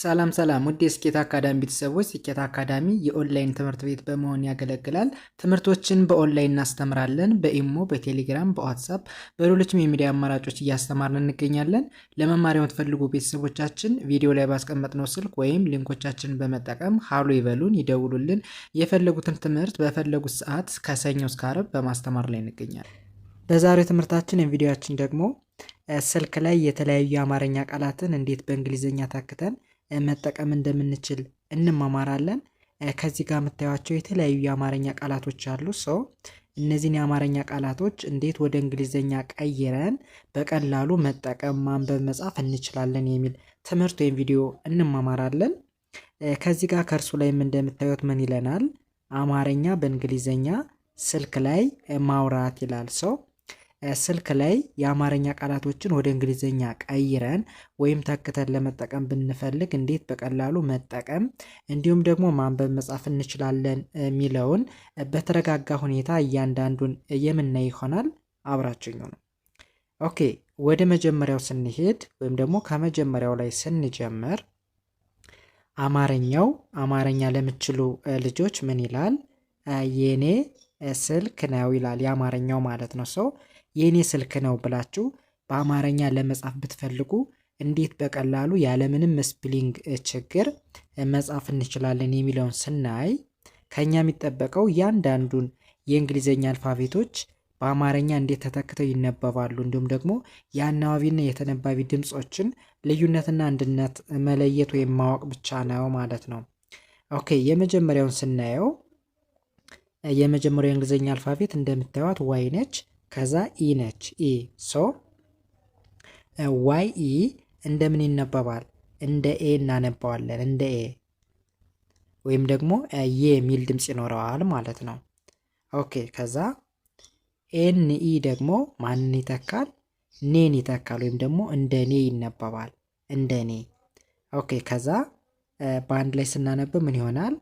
ሰላም ሰላም ውድ የስኬት አካዳሚ ቤተሰቦች፣ ስኬት አካዳሚ የኦንላይን ትምህርት ቤት በመሆን ያገለግላል። ትምህርቶችን በኦንላይን እናስተምራለን። በኢሞ፣ በቴሌግራም፣ በዋትሳፕ፣ በሌሎችም የሚዲያ አማራጮች እያስተማርን እንገኛለን። ለመማሪያ የምትፈልጉ ቤተሰቦቻችን ቪዲዮ ላይ ባስቀመጥነው ስልክ ወይም ሊንኮቻችንን በመጠቀም ሀሎ ይበሉን፣ ይደውሉልን። የፈለጉትን ትምህርት በፈለጉት ሰዓት ከሰኞ እስከ ዓርብ በማስተማር ላይ እንገኛለን። በዛሬው ትምህርታችን የቪዲዮችን ደግሞ ስልክ ላይ የተለያዩ የአማርኛ ቃላትን እንዴት በእንግሊዝኛ ታክተን መጠቀም እንደምንችል እንማማራለን። ከዚህ ጋር የምታዩቸው የተለያዩ የአማርኛ ቃላቶች አሉ። ሰው እነዚህን የአማርኛ ቃላቶች እንዴት ወደ እንግሊዝኛ ቀይረን በቀላሉ መጠቀም፣ ማንበብ፣ መጻፍ እንችላለን የሚል ትምህርት ወይም ቪዲዮ እንማማራለን። ከዚህ ጋር ከእርሱ ላይም እንደምታዩት ምን ይለናል? አማርኛ በእንግሊዝኛ ስልክ ላይ ማውራት ይላል ሰው ስልክ ላይ የአማርኛ ቃላቶችን ወደ እንግሊዝኛ ቀይረን ወይም ተክተን ለመጠቀም ብንፈልግ እንዴት በቀላሉ መጠቀም እንዲሁም ደግሞ ማንበብ መጻፍ እንችላለን የሚለውን በተረጋጋ ሁኔታ እያንዳንዱን የምናይ ይሆናል። አብራችኙ ነው። ኦኬ ወደ መጀመሪያው ስንሄድ ወይም ደግሞ ከመጀመሪያው ላይ ስንጀምር አማርኛው አማርኛ ለምችሉ ልጆች ምን ይላል? የኔ ስልክ ነው ይላል። የአማርኛው ማለት ነው ሰው የእኔ ስልክ ነው ብላችሁ በአማርኛ ለመጻፍ ብትፈልጉ እንዴት በቀላሉ ያለምንም ስፕሊንግ ችግር መጻፍ እንችላለን የሚለውን ስናይ ከኛ የሚጠበቀው እያንዳንዱን የእንግሊዝኛ አልፋቤቶች በአማርኛ እንዴት ተተክተው ይነበባሉ፣ እንዲሁም ደግሞ የአናባቢና የተነባቢ ድምፆችን ልዩነትና አንድነት መለየት ወይም ማወቅ ብቻ ነው ማለት ነው። ኦኬ የመጀመሪያውን ስናየው የመጀመሪያው የእንግሊዝኛ አልፋቤት እንደምታዩት ዋይ ነች። ከዛ ኢ ነች ኢ ሶ ዋይ ኢ እንደምን ይነበባል? እንደ ኤ እናነባዋለን። እንደ ኤ ወይም ደግሞ የ የሚል ድምፅ ይኖረዋል ማለት ነው። ኦኬ ከዛ ኤን ኢ ደግሞ ማንን ይተካል? ኔን ይተካል ወይም ደግሞ እንደ ኔ ይነበባል። እንደ ኔ ኦኬ ከዛ በአንድ ላይ ስናነብ ምን ይሆናል?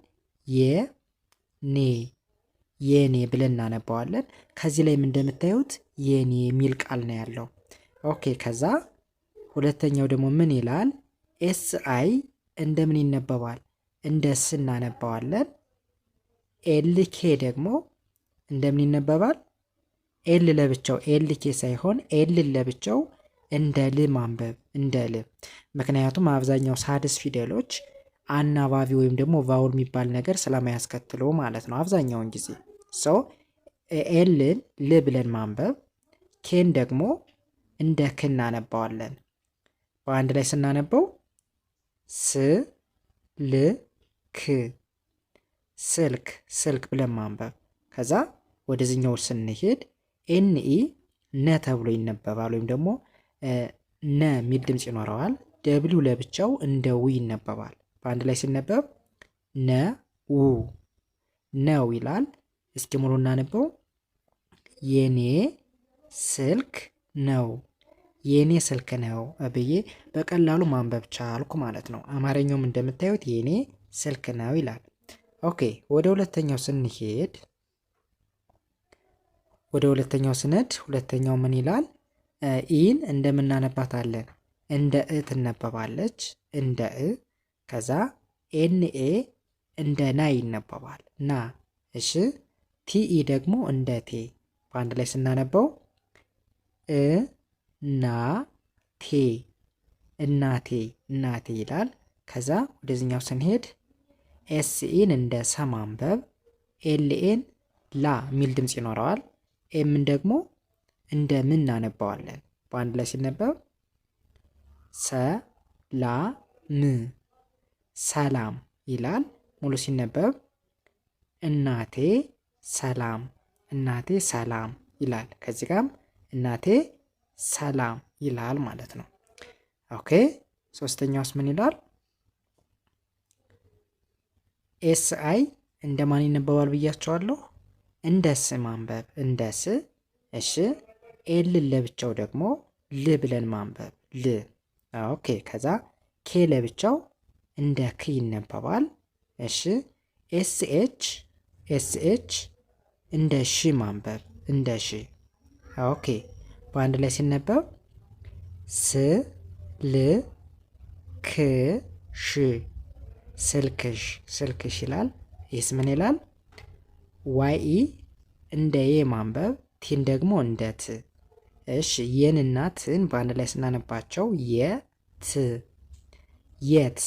የኔ የኔ ብለን እናነባዋለን። ከዚህ ላይም እንደምታዩት የኔ የሚል ቃል ነው ያለው። ኦኬ ከዛ ሁለተኛው ደግሞ ምን ይላል? ኤስ አይ እንደምን ይነበባል? እንደ ስ እናነባዋለን። ኤል ኬ ደግሞ እንደምን ይነበባል? ኤል ለብቻው ኤል ኬ ሳይሆን ኤል ለብቻው እንደ ል ማንበብ እንደ ል። ምክንያቱም አብዛኛው ሳድስ ፊደሎች አናባቢ ወይም ደግሞ ቫውል የሚባል ነገር ስለማያስከትለው ማለት ነው። አብዛኛውን ጊዜ ሰው ኤልን ል ብለን ማንበብ ኬን ደግሞ እንደ ክ እናነባዋለን። በአንድ ላይ ስናነበው ስ ል ክ ስልክ ስልክ ብለን ማንበብ። ከዛ ወደዚህኛው ስንሄድ ኤንኢ ነ ተብሎ ይነበባል ወይም ደግሞ ነ የሚል ድምፅ ይኖረዋል። ደብሊው ለብቻው እንደ ው ይነበባል። በአንድ ላይ ሲነበብ ነ ው ነው ይላል። እስኪ ሙሉ እናነበው። የኔ ስልክ ነው የኔ ስልክ ነው ብዬ በቀላሉ ማንበብ ቻልኩ ማለት ነው። አማርኛውም እንደምታዩት የኔ ስልክ ነው ይላል። ኦኬ ወደ ሁለተኛው ስንሄድ ወደ ሁለተኛው ስነድ ሁለተኛው ምን ይላል? ኢን እንደምናነባታለን እንደ እ ትነበባለች እንደ እ ከዛ ኤንኤ እንደ ና ይነበባል ና። እሺ ቲኢ ደግሞ እንደ ቴ በአንድ ላይ ስናነበው እ ና ቴ እናቴ እናቴ ይላል። ከዛ ወደዚኛው ስንሄድ ኤስኢን እንደ ሰማንበብ ኤልኤን ላ የሚል ድምፅ ይኖረዋል። ኤምን ደግሞ እንደ ምን እናነባዋለን። በአንድ ላይ ሲነበብ ሰ ላ ም ሰላም ይላል። ሙሉ ሲነበብ እናቴ ሰላም፣ እናቴ ሰላም ይላል። ከዚህ ጋርም እናቴ ሰላም ይላል ማለት ነው። ኦኬ ሶስተኛውስ ምን ይላል? ኤስ አይ እንደ ማን ይነበባል ብያቸዋለሁ? እንደ ስ ማንበብ እንደ ስ። እሺ ኤል ለብቻው ደግሞ ል ብለን ማንበብ ል። ኦኬ ከዛ ኬ ለብቻው እንደ ክ ይነበባል። እሺ ኤስኤች ኤስኤች እንደ ሺ ማንበብ እንደ ሺ። ኦኬ በአንድ ላይ ሲነበብ ስ ል ክ ሽ ስልክሽ ስልክሽ ይላል። ይህስ ምን ይላል? ዋይ እንደ የ ማንበብ ቲን ደግሞ እንደ ት። እሺ የንና ትን በአንድ ላይ ስናነባቸው የት የት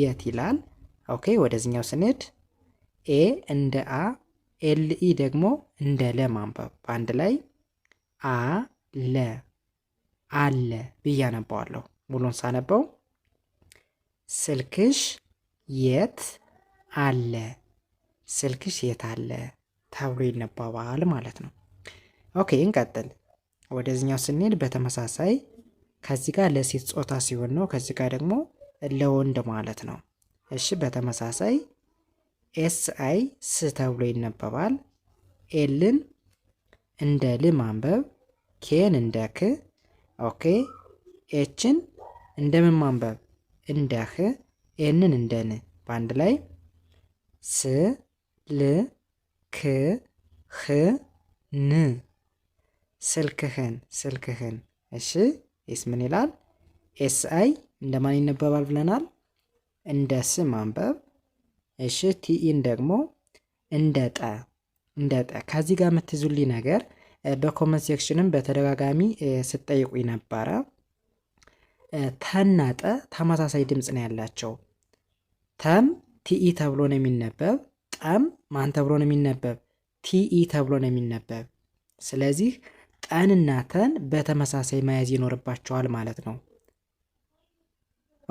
የት ይላል። ኦኬ ወደዚኛው ስንሄድ ኤ እንደ አ ኤልኢ ደግሞ እንደ ለ ማንበብ በአንድ ላይ አ ለ አለ ብዬ አነባዋለሁ። ሙሉን ሳነበው ስልክሽ የት አለ፣ ስልክሽ የት አለ ተብሎ ይነበባል ማለት ነው። ኦኬ እንቀጥል። ወደዚኛው ስንሄድ በተመሳሳይ ከዚህ ጋር ለሴት ጾታ ሲሆን ነው፣ ከዚህ ጋር ደግሞ ለወንድ ማለት ነው። እሺ በተመሳሳይ ኤስ አይ ስ ተብሎ ይነበባል። ኤልን እንደ ል ማንበብ፣ ኬን እንደ ክ፣ ኦኬ ኤችን እንደ ምን ማንበብ እንደ ህ፣ ኤንን እንደ ን በአንድ ላይ ስ ል ክ ህ ን ስልክህን ስልክህን። እሺ ኤስ ምን ይላል? ኤስ አይ እንደማን ይነበባል ብለናል? እንደ ስ ማንበብ። እሺ ቲኢን ደግሞ እንደ ጠ እንደ ጠ። ከዚህ ጋር የምትይዙልኝ ነገር በኮመንት ሴክሽንም በተደጋጋሚ ስጠይቁ ነበረ። ተና ጠ ተመሳሳይ ድምፅ ነው ያላቸው። ተም ቲኢ ተብሎ ነው የሚነበብ። ጠም ማን ተብሎ ነው የሚነበብ? ቲኢ ተብሎ ነው የሚነበብ። ስለዚህ ጠንና ተን በተመሳሳይ መያዝ ይኖርባቸዋል ማለት ነው።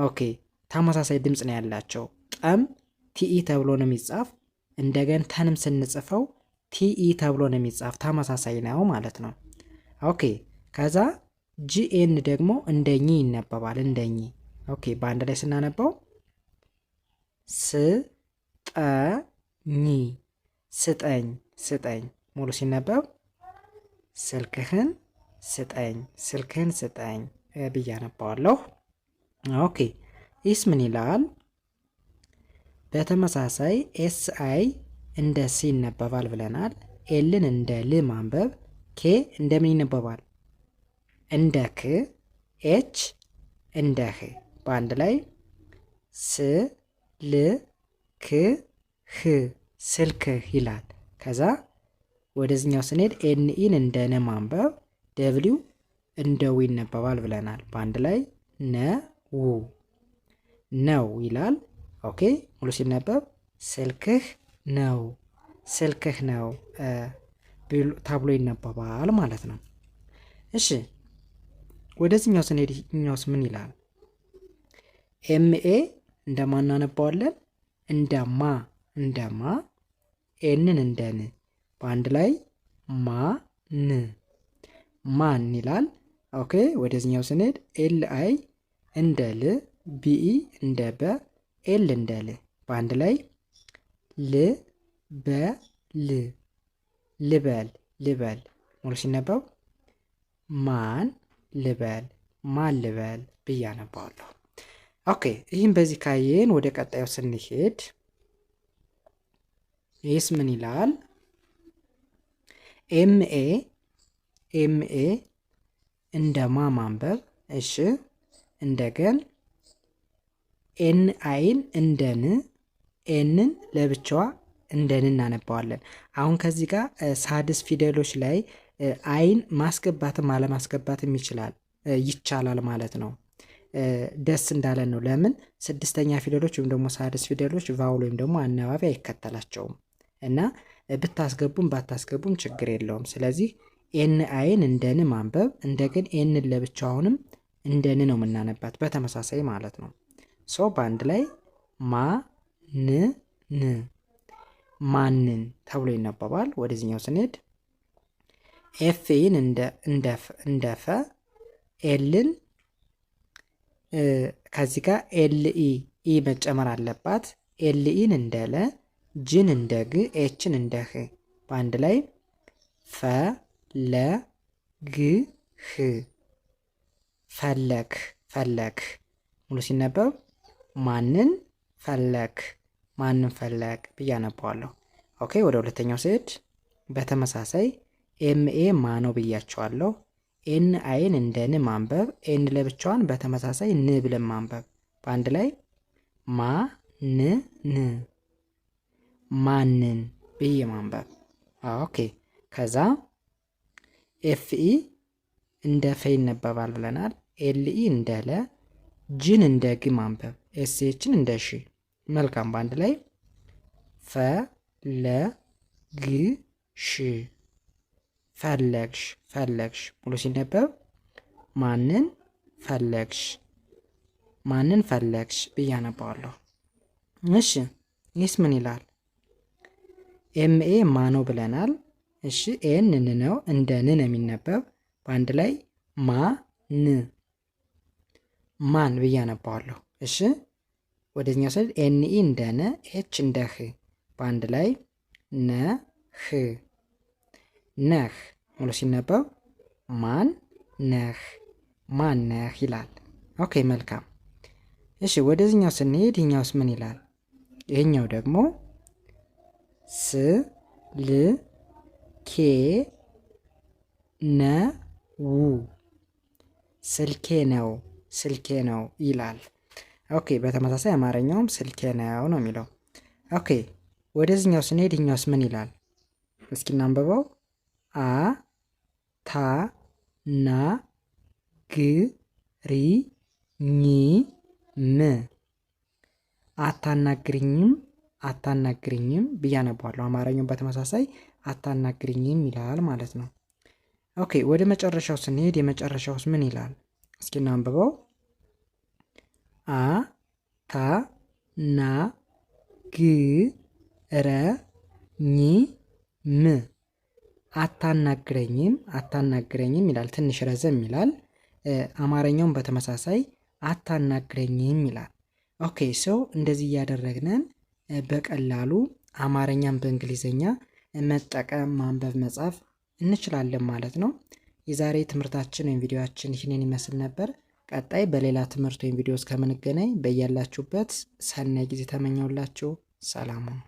ኦኬ ተመሳሳይ ድምፅ ነው ያላቸው። ጠም ቲኢ ተብሎ ነው የሚጻፍ። እንደገን ተንም ስንጽፈው ቲኢ ተብሎ ነው የሚጻፍ። ተመሳሳይ ነው ማለት ነው። ኦኬ ከዛ ጂኤን ደግሞ እንደኚ ይነበባል። እንደ ኦኬ በአንድ ላይ ስናነባው ስጠኝ ስጠኝ ስጠኝ ሙሉ ሲነበብ ስልክህን ስጠኝ ስልክህን ስጠኝ ብዬ አነባዋለሁ። ኦኬ ኢስ ምን ይላል? በተመሳሳይ ኤስ አይ እንደ ሲ ይነበባል ብለናል። ኤልን እንደ ል ማንበብ፣ ኬ እንደምን ይነበባል? እንደ ክ፣ ኤች እንደ ህ በአንድ ላይ ስ ል ክ ህ ስልክህ ይላል። ከዛ ወደዚኛው ስንሄድ ኤንኢን እንደ ነ ማንበብ፣ ደብሊው እንደ ዊ ይነበባል ብለናል። በአንድ ላይ ነ ው ነው ይላል። ኦኬ ሙሉ ሲነበብ ስልክህ ነው ስልክህ ነው ተብሎ ይነበባል ማለት ነው። እሺ ወደዚህኛው ስንሄድ ይኛውስ ምን ይላል? ኤምኤ እንደማ እናነባዋለን እንደማ እንደማ ኤንን እንደን በአንድ ላይ ማ ን ማን ይላል። ኦኬ ወደዚህኛው ስንሄድ ኤል አይ እንደ ል ቢኢ እንደ በ ኤል እንደ ል በአንድ ላይ ል በ ል ልበል ልበል ሙሉ ሲነበብ ማን ልበል ማን ልበል ብዬ አነባዋለሁ። ኦኬ ይህም በዚህ ካየን ወደ ቀጣዩ ስንሄድ ይህስ ምን ይላል? ኤምኤ ኤምኤ እንደ ማ ማንበብ እሺ እንደገን ኤን አይን እንደን ኤንን ለብቻዋ እንደን እናነባዋለን። አሁን ከዚህ ጋር ሳድስ ፊደሎች ላይ አይን ማስገባትም አለማስገባትም ይችላል ይቻላል ማለት ነው። ደስ እንዳለን ነው። ለምን ስድስተኛ ፊደሎች ወይም ደግሞ ሳድስ ፊደሎች ቫውል ወይም ደግሞ አናባቢ አይከተላቸውም እና ብታስገቡም ባታስገቡም ችግር የለውም። ስለዚህ ኤን አይን እንደን ማንበብ እንደገን ኤንን ለብቻ አሁንም እንደ ን ነው የምናነባት በተመሳሳይ ማለት ነው። ሶ በአንድ ላይ ማ ን ን ማንን ተብሎ ይነበባል። ወደዚህኛው ስንሄድ ኤፍኢን እንደ ፈ ኤልን ከዚህ ጋር ኤልኢ ኢ መጨመር አለባት። ኤልኢን እንደ ለ ጅን እንደ ግ ኤችን እንደ ህ በአንድ ላይ ፈ ለ ግ ህ ፈለክ ፈለክ ሙሉ ሲነበብ ማንን ፈለክ ማንን ፈለክ ብዬ አነበዋለሁ። ኦኬ ወደ ሁለተኛው ስሄድ በተመሳሳይ ኤምኤ ማ ነው ብያቸዋለሁ። ኤን አይን እንደ ን ማንበብ፣ ኤን ለብቻዋን በተመሳሳይ ን ብለን ማንበብ፣ በአንድ ላይ ማ ን ን ማንን ብዬ ማንበብ። ኦኬ ከዛ ኤፍኢ እንደ ፈ ይነበባል ብለናል። ኤልኢ እንደ ለ፣ ጅን እንደ ግ ማንበብ፣ ኤስኤችን እንደ ሺ። መልካም በአንድ ላይ ፈ ለ ግ ሽ ፈለግሽ ፈለግሽ ሙሉ ሲነበብ ማንን ፈለግሽ ማንን ፈለግሽ ብዬ አነባዋለሁ። እሺ ይስ ምን ይላል? ኤምኤ ማ ነው ብለናል። እሺ ኤን ን ነው እንደ ን ነው የሚነበብ በአንድ ላይ ማ ን ማን ብዬ አነባዋለሁ። እሺ ወደዚኛው ስል ኤንኢ እንደ ነ፣ ኤች እንደ ህ፣ በአንድ ላይ ነ ህ ነህ ሙሉ ሲነበብ ማን ነህ ማን ነህ ይላል። ኦኬ መልካም። እሺ ወደዚህኛው ስንሄድ ይህኛውስ ምን ይላል? ይህኛው ደግሞ ስ ል ኬ ነ ው ስልኬ ነው ስልኬ ነው ይላል። ኦኬ በተመሳሳይ አማርኛውም ስልኬ ነው ነው የሚለው። ኦኬ ወደዚኛው ስንሄድ እኛውስ ምን ይላል? እስኪ እናንብበው። አ ታ ና ግ ሪ ኝ ም አታናግርኝም አታናግርኝም ብያነቧለሁ። አማርኛውን በተመሳሳይ አታናግርኝም ይላል ማለት ነው። ኦኬ ወደ መጨረሻው ስንሄድ የመጨረሻውስ ምን ይላል? እስኪ እናንብበው። አ ታ ና ግ ረ ኝ ም አታናግረኝም አታናግረኝም ይላል። ትንሽ ረዘም ይላል። አማርኛውም በተመሳሳይ አታናግረኝም ይላል። ኦኬ ሶ እንደዚህ እያደረግነን በቀላሉ አማርኛም በእንግሊዝኛ መጠቀም ማንበብ መጻፍ እንችላለን ማለት ነው። የዛሬ ትምህርታችን ወይም ቪዲዮችን ይህንን ይመስል ነበር። ቀጣይ በሌላ ትምህርት ወይም ቪዲዮ እስከምንገናኝ በያላችሁበት ሰናይ ጊዜ ተመኘውላችሁ። ሰላም ሁኑ።